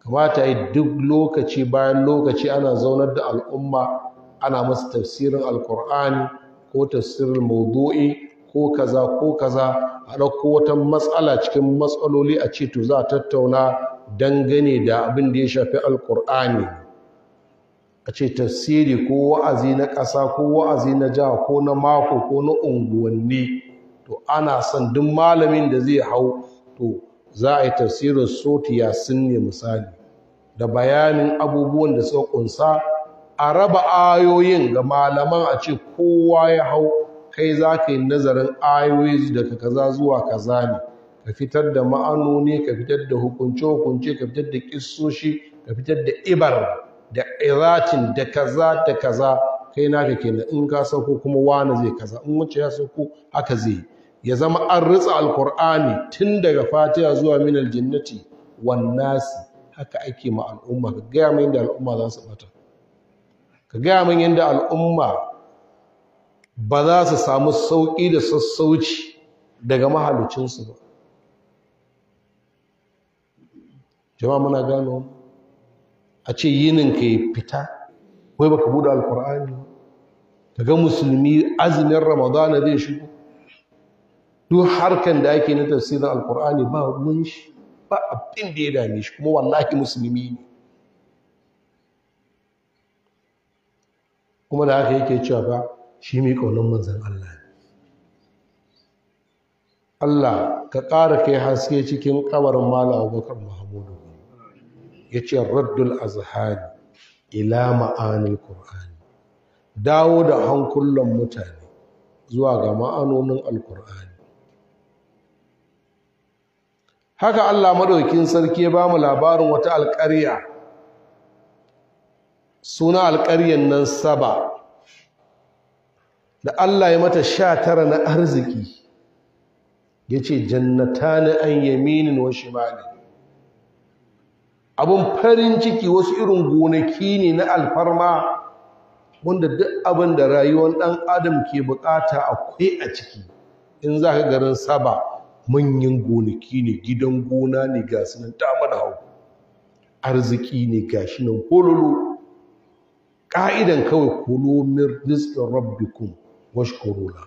kamata yi duk lokaci bayan lokaci ana zaunar da al'umma ana masa tafsirin alkur'ani ko tafsirin maudu'i ko kaza ko kaza a ɗauko wata matsala cikin matsaloli a ce to za a tattauna dangane da abin da ya shafi alkur'ani a ce tafsiri ko wa'azi na ƙasa ko wa'azi na jiha ko na mako ko na unguwanni to ana son duk malamin da zai hau to za a yi tafsirin sotiya sun ne misali da bayanin abubuwan da suka kunsa a raba ayoyin ga malaman a ce kowa ya hau kai za ka yi nazarin ayoyi daga kaza zuwa kaza ne ka fitar da ma'anoni ka fitar da hukunce-hukunce ka fitar da ƙisoshi ka fitar da ibar da iratin da kaza da kaza kai naka kenan in ka sauko kuma wani zai kaza in wacce ya sauko haka zai ya zama an ritsa alkur'ani tun daga fatiha zuwa minal jinnati wan nasi haka ake ma al'umma ka gaya mai yadda al'umma za su bata ka gaya min yadda al'umma ba za su samu sauƙi da sassauci daga mahalicinsu ba jama'a muna gano a ce yinin ka yi fita wai baka buɗe alkur'ani ka ga musulmi azumin ramadana zai shigo duk harkan da ake na tafsirin alkur'ani ba mun shi ba abin da ya dame shi kuma wallahi musulmi ne kuma da haka yake cewa ba shi mai kaunar manzan Allah ne Allah ka ƙara kai haske cikin ƙabarin Malam Abubakar Mahmudu. ya ce raddul azhani ila ma'anin Kur'ani. dawo da hankulan mutane zuwa ga ma'anonin alkur'ani haka allah maɗaukin sarki ya ba mu labarin wata alƙarya suna alƙaryan nan saba da allah ya mata sha tara na arziki ya ce jannata an yaminin wa shimalin abun farin ciki wasu irin gonaki ne na alfarma wanda duk abin da rayuwar ɗan adam ke buƙata akwai a ciki in za ka garin saba manyan gonaki ne gidan gona ne ga su nan hau arziki ne ga shi nan kololo ƙa'idan kawai kolomin rizkin kun, washkurula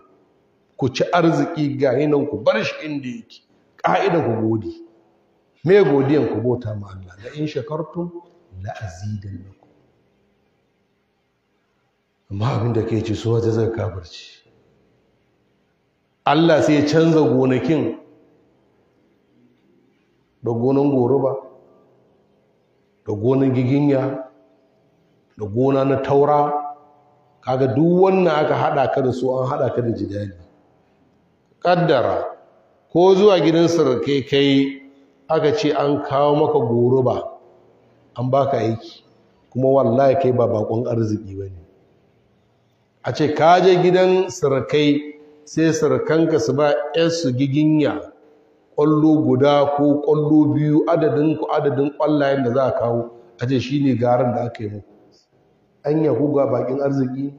ku ci arziki ga nan ku bar shi inda yake ƙa'idan ku gode me godiyan ku bota ma Allah la in shakartum la azidannakum amma abin da kai ce so wata zan kafirci Allah sai ya canza gonakin da gonan goruba da gonan giginya da gona na taura kaga duk wannan aka hada ka da su an hada ka da jidali kaddara ko zuwa gidan sarkai kai aka ce an kawo maka goro ba, an baka aiki kuma wallahi kai ba bakon arziki ba ne a ce ka je gidan sarkai sai sarkanka su ba su giginya ƙwallo guda ko ƙwallo biyu adadin ku adadin ƙwallayen da za a kawo a ce shi ne garin da aka yi muku an yi huga bakin arziki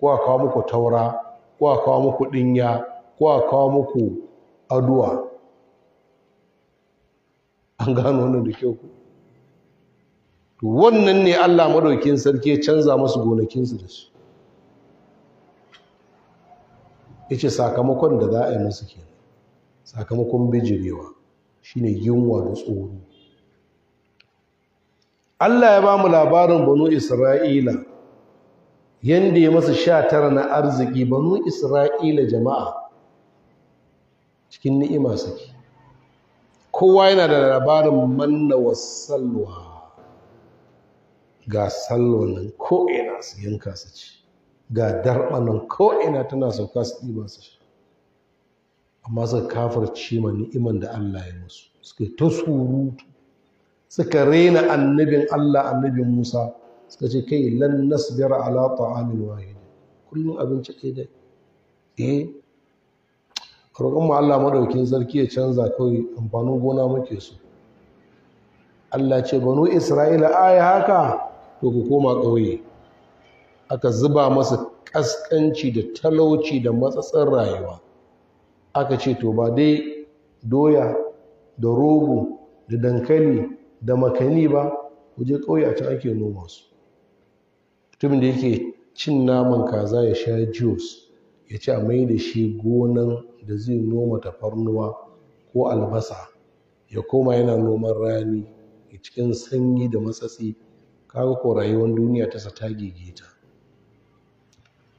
ko a kawo muku taura ko a kawo muku ɗinya ko a kawo muku aduwa an gano wannan da kyau to wannan ne Allah madaukin sarki ya canza musu gonakinsu da su yace sakamakon da za a yi musu kenan sakamakon bijirewa shine yunwa da tsoro Allah ya ba mu labarin banu Isra'ila yanda ya masa sha tara na arziki banu Isra'ila jama'a cikin ni'ima suke kowa yana da labarin manna wa salwa ga nan ko'ina su yanka su ci ga nan ko'ina tana sauka su ɗiba su sha amma suka kafar ma ni'iman da Allah ya musu suka ta surutu suka rena annabin Allah annabin Musa suka ce kai lan nasbira ala ta'amin wahid kullum abinci ɗaya eh roƙon mu Allah madaukin sarki ya canza kawai amfanin gona muke so Allah ce banu Isra'ila ai haka to ku koma ƙauye aka zuba masa ƙasƙanci da talauci da matsatsin rayuwa aka ce to ba dai doya da rogo da dankali da makani ba ku je ƙauye a can ake noma su mutumin da yake cin naman kaza ya sha juice ya ce a mai da shi gonan da zai noma tafarnuwa ko albasa ya koma yana noman rani cikin sanyi da matsatsi kaga ko rayuwar duniya ta ta gegeta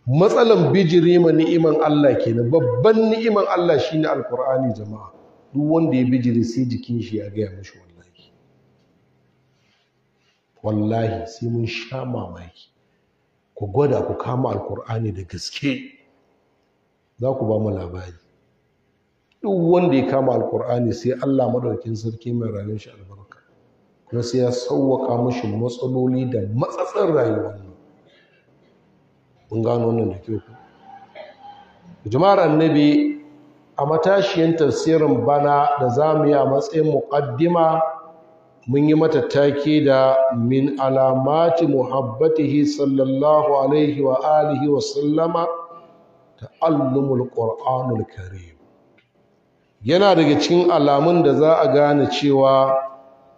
matsalan bijire ma ni'iman Allah kenan babban ni'iman Allah shine alkur'ani jama'a duk wanda ya bijire sai jikin shi ya gaya mishi wallahi wallahi sai mun sha mamaki ku gwada ku kama alkur'ani da gaske za ku ba mu labari duk wanda ya kama alkur'ani sai Allah madaukakin sarki mai rayuwar shi albarka kuma sai ya sauwaka mashi matsaloli da matsatsin rayuwar mu mun gano wannan da kyau jama'ar annabi a matashiyar tafsirin bana da za mu yi a matsayin muƙaddima mun yi mata take da min alamati muhabbatihi sallallahu alaihi wa alihi wa sallama ta'allumul qur'anul karim yana daga cikin alamun da za a gane cewa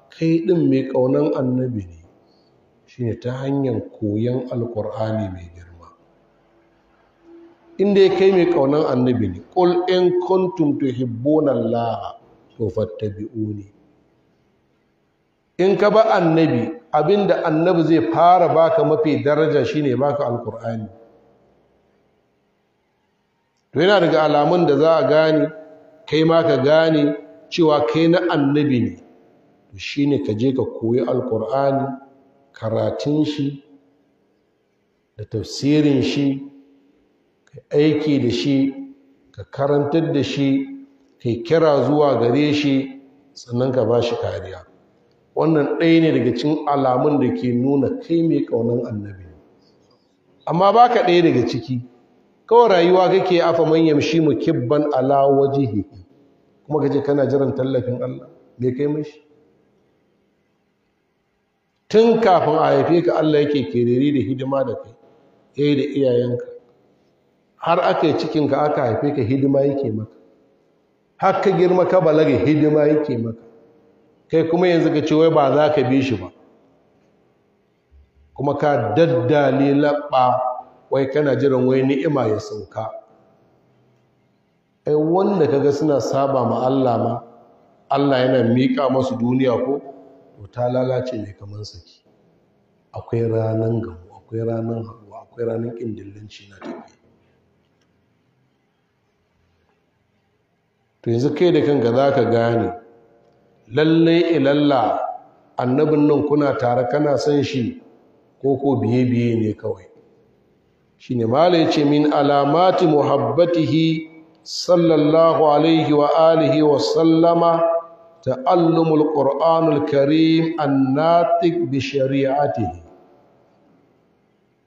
kai ɗin mai kaunan annabi ne shi ne ta hanyar koyon alqur'ani mai girma inda ya kai mai kaunan annabi ne ƙul in kuntum tuhibbuna allah to fattabi'uni in ka ba annabi abinda annabi zai fara baka mafi daraja shine baka Alƙur'ani. to yana daga alamun da za a gane kai ma ka gane cewa kai na annabi ne to shine ka je ka koyi alkur'ani karatun shi da tafsirin shi ka aiki da shi ka karantar da shi ka kira zuwa gare shi sannan ka ba shi kariya wannan ɗaya ne daga cikin alamun da ke nuna kai mai ƙaunar annabi amma ba ka ɗaya daga ciki kawai rayuwa kake afa manyan shi mu kibban ala wajhihi kuma kace kana jiran tallafin Allah me kai mishi tun kafin a haife ka Allah yake kerere da hidima da kai yi da iyayenka har aka yi cikinka aka haife ka hidima yake maka har ka girma ka balaga hidima yake maka kai kuma yanzu ka ce wai ba za ka bi shi ba kuma ka daddale labba wai kana jiran wai ni'ima ya sauka ai wanda kaga suna saba ma Allah ma Allah yana miƙa masu duniya ko to ta lalace ne kaman saki akwai ranan gamu akwai ranan haɗuwa akwai ranan ci na tafi to yanzu kai da kanka za ka gane lallai ilalla annabin nan kuna tare kana son shi ko ko biye-biye ne kawai shine mala yace min alamati muhabbatihi sallallahu alaihi wa alihi wa sallama ta'allumul qur'anul karim annatik bi shari'atihi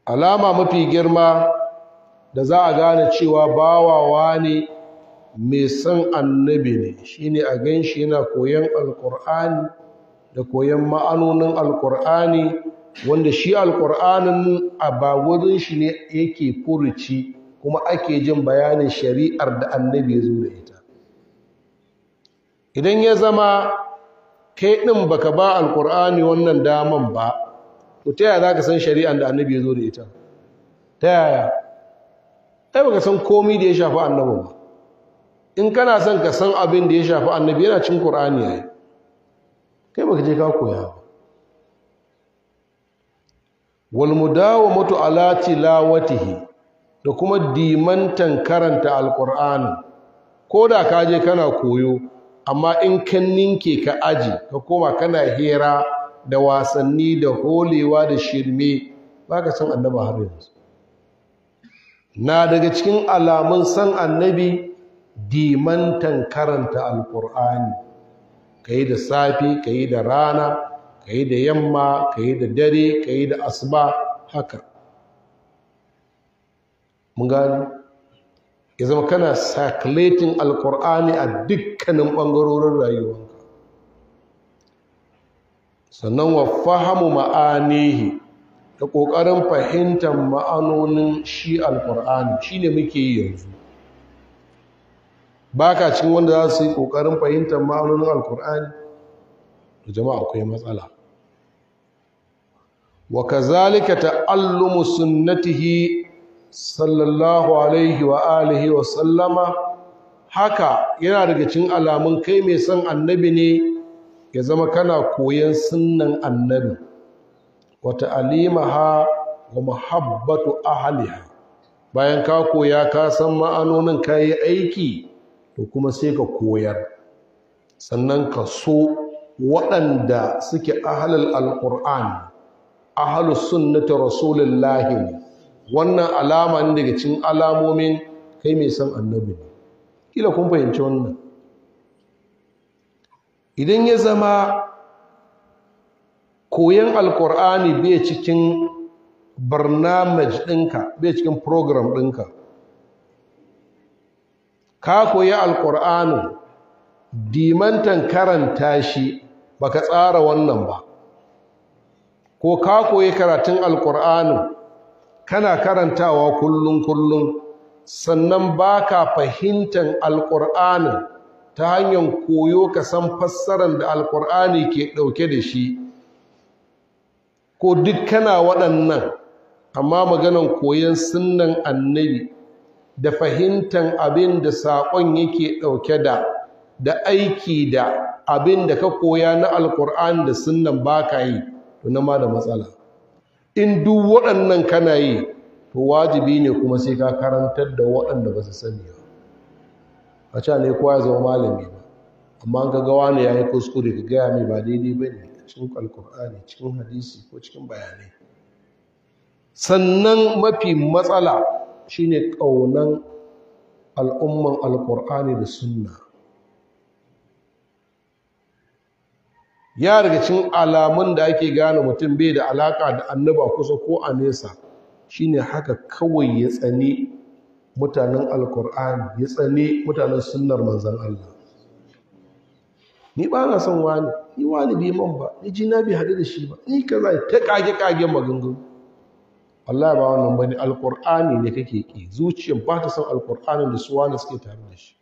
alama mafi girma da za a gane cewa bawawa ne mai san annabi ne shine a ganshi yana koyon alkur'ani da koyon ma'anonin alkur'ani wanda shi alƙur'anin a ba wurin shi ne yake furuci kuma ake jin bayanin shari'ar da annabi ya zo da ita idan ya zama kai ɗin baka ba alƙur'ani wannan daman ba ku ta yaya za ka san shari'ar da annabi ya zo da ita ta yaya ai baka san komi da ya shafi annabi ba in kana son ka san abin da ya shafi annabi yana cin ƙur'ani yi kai baka je ka koya ba walmudawa mutu ala tilawatihi da kuma dimantan karanta Alƙur'ani, ko da ka je kana koyo amma in kan ninke ka aji ka koma kana hira da wasanni da holewa da shirme baka san annaba har yanzu na daga cikin alamun san annabi dimantan karanta alqur'ani kai da safi kai da rana ka yi da yamma ka yi da dare ka yi da asuba haka mun gani ya zama kana circulating alkur'ani a dukkanin ɓangarorin rayuwanka sannan wa fahamu ma'anihi da ƙoƙarin fahimtar ma'anonin shi alkur'ani shi ne muke yi yanzu ba ka cin wanda za su yi ƙoƙarin fahimtar ma'anonin alkur'ani jama'a akwai matsala wa kazalika ta'allumu sunnatihi sallallahu alaihi wa alihi wa sallama haka yana daga cikin alamun kai mai son annabi ne ya zama kana koyan sunnan annabi wa ta'alimaha wa muhabbatu ahliha bayan ka koya ka san ma'anonin kayi aiki to kuma sai ka koyar sannan ka so waɗanda suke al’ur'an alƙur'an sunnata rasulun rasulullahi wannan alama ne daga cin alamomin kai mai san annabi ne kila kun fahimci wannan idan ya zama koyon alkur'ani bai cikin barnamaj ɗinka bai cikin program ɗinka ka koyi alkur'ani dimantan karanta shi baka tsara wannan ba ko ka koyi karatun alkur'anin kana karantawa kullum kullum sannan baka fahimtar alkur'anin ta hanyar koyo ka san fassarar da alkur'ani ke ɗauke da shi ko duk kana waɗannan amma maganan koyon sunan annabi da fahimtar abin da saƙon yake ɗauke da da aiki da abin da ka koya na alkur'an da sunan ba ka yi to na ma da matsala in duk waɗannan kana yi to wajibi ne kuma sai ka karantar da waɗanda ba su sani ba a ca ne kowa ya zama malami ba amma ga ga ne ya yi kuskure ka gaya mai ba daidai ba ne cikin alkur'ani cikin hadisi ko cikin bayanai sannan mafi matsala shine ƙaunan al'umman alkur'ani da sunna ya daga cin alamun da ake gane mutum bai da alaka da annaba kusa ko a nesa shine haka kawai ya tsani mutanen alkur'ani ya tsane mutanen sunnar manzan Allah ni ba na son wani ni wani bai man ba ni ji na bai haɗu da shi ba ni ka za ta kage kage magungun. Allah ba wannan bane alkur'ani ne kake ki zuciyar ba ta son alkur'ani da su wani suke tare da shi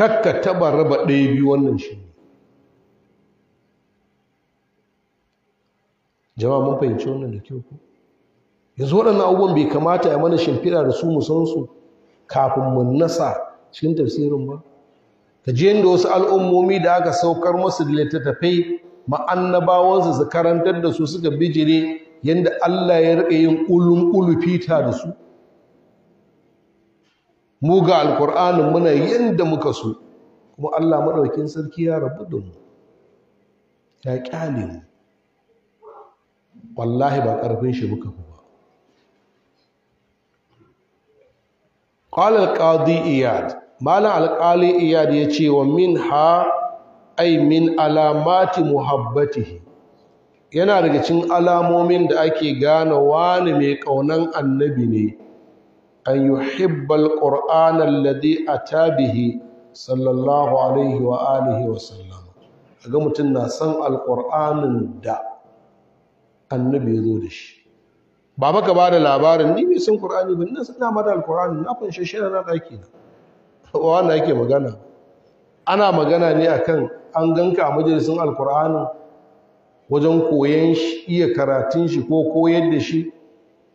kakka taba raba ɗaya biyu wannan shi ne jama'a mun fahimci wannan da kyau ku yanzu waɗannan abubuwan bai kamata ya mana shimfiɗa da su mu su kafin mu nasa cikin tafsirin ba ka je da wasu al'ummomi da aka saukar masu da littattafai ma'annabawansu su karantar da su suka bijire yadda Allah ya riƙe yin ƙulun ƙulufita da su mu ga alkur'anin muna yadda muka so kuma allah maɗaukin sarki ya rabu da mu ya ƙyale mu wallahi ba ƙarfin shi muka fi ba ƙwalar ƙadi iyad malin alƙali iyad ya ce wa min ha ai min alamati muhabbatihi yana daga cin alamomin da ake gane wani mai ƙaunan annabi ne an yi hibbal ƙor'anar Ladi a tabihi, sallallahu alaihi wa alihi wa a ga mutum na san alƙor'anin da annabi ya zo da shi ba maka ba da labarin ni mai sun ƙor'ani ba nan suna mada alƙor'ani na kunshe shi na ɗaki na wa na yake magana ana magana ne akan an ganka a majalisun alqur'anin wajen koyan shi iya karatun shi ko koyar da shi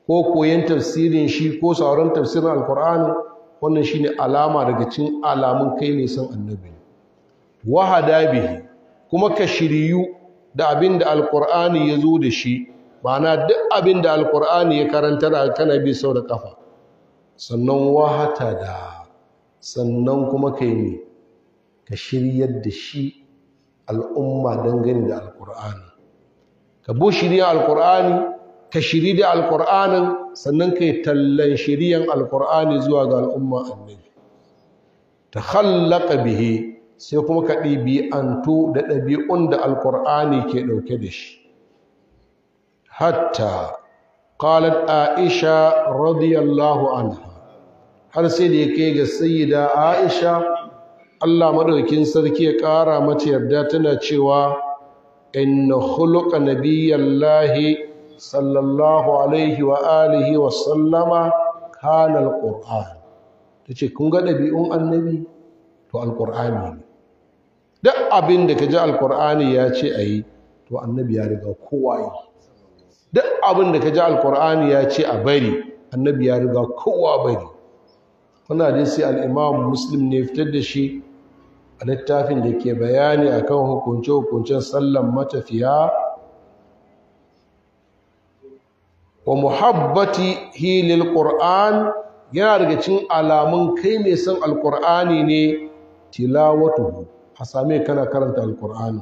ko koyon tafsirin shi ko sauran tafsirin alkur'ani wannan shi ne alama daga cin alamun kai ne son annabi wahada bihi kuma ka shiryu da abin da alkur'ani ya zo da shi ma'ana duk abin da alkur'ani ya karanta da kana bi sau da kafa sannan wahata da sannan kuma kai ne ka shiryar da shi al'umma dangane da alkur'ani ka bu shirya alkur'ani ka shiri da alƙur'anin sannan kai tallan shiriyan alƙur'ani zuwa ga al'umma annabi ta hallaka bihe sai kuma ka ɗabi'antu da ɗabi'un da alƙur'ani ke ɗauke da shi hatta qalat aisha radiyallahu anha har sai da ya kai ga sayyida aisha Allah maɗaukin sarki ya ƙara mata yarda tana cewa inna khuluqa nabiyallahi sallallahu alaihi wa alihi wa sallama kana alqur'an tace kun ga dabi'un annabi to alqur'ani ne duk abin da kaji alqur'ani ya ce ayi to annabi ya riga kowa yi duk abin da kaji alqur'ani ya ce a bari annabi ya riga kowa bari da hadisi al-imam muslim ne fitar da shi a littafin da ke bayani akan hukunce-hukuncen sallan matafiya wa muhabbati hilil ƙur'an yana daga cikin alamun kai mai son alƙur'ani ne tilawatu a same kana karanta alƙur'ani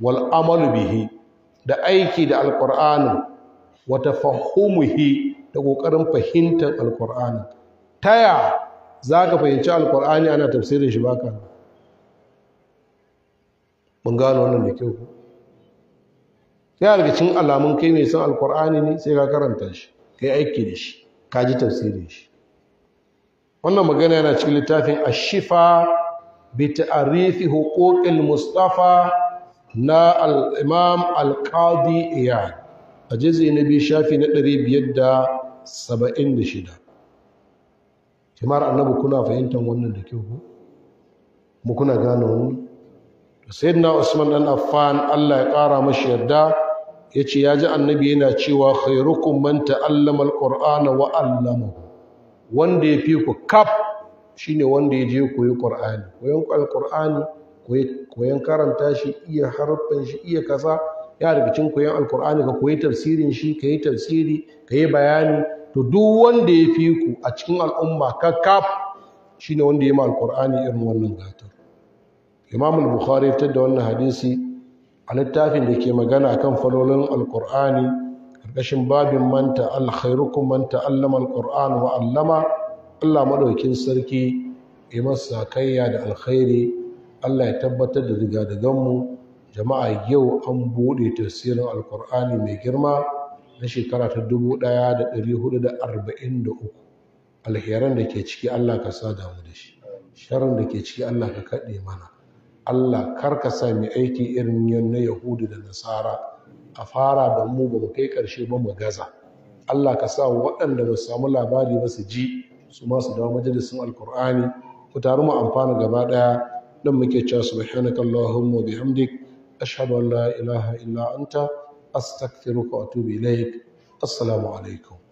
wal amalu bihi da aiki da alƙur'ani wata tafahumuhi da ƙoƙarin fahimtar alƙur'ani taya za ka fahimci alƙur'ani ana tafsirin shi baka mun gano wannan da kyau sai daga cikin alamun kai mai son alkur'ani ne sai ka karanta shi kai aiki da shi ka ji tafsirin shi wannan magana yana cikin littafin ashifa bi ta'rifi huquqil mustafa na al-imam al-qadi iyad a jizi na biyu shafi na 576 kamar annabi kuna fahimtar wannan da kyau mu kuna gane wannan sayyidina usman dan affan Allah ya kara mashi yarda Ya ce ya ji annabi yana cewa khairukum man ta'allama alqur'ana wa 'allama wanda ya fi ku kaf shine wanda ya je koyi qur'ani koyon alqur'ani koyon karanta shi iya harfan shi iya kasa ya daga cikin koyon alqur'ani ka koyi tafsirin shi ka yi tafsiri ka yi bayani to duk wanda ya fi ku a cikin al'umma ka kaf shine wanda ya ma alqur'ani irin wannan gatar imam al-bukhari fitar da wannan hadisi a littafin da ke magana kan falolin alkur'ani ƙarƙashin babin manta alkhairukum manta allama alkur'an wa allama allah maɗaukin sarki ya masa kayya da alkhairi allah ya tabbatar da mu jama'a yau an buɗe tafsirin alkur'ani mai girma na shekara ta 1443 alheran da ke ciki Allah ka sa damu da shi sharan da ke ciki Allah ka kaɗe mana Allah karka sa mu aiki irin na Yahudu da Nasara a fara da mu ba mu kai ƙarshe ba mu gaza Allah ka sa waɗanda ba su samu labari ba su ji su ma su dawo majalisin alkur'ani ku taru mu amfana gaba ɗaya dan muke cewa subhanaka allahumma bihamdik ashhadu an la ilaha illa anta astaghfiruka wa atubu ilaik assalamu alaikum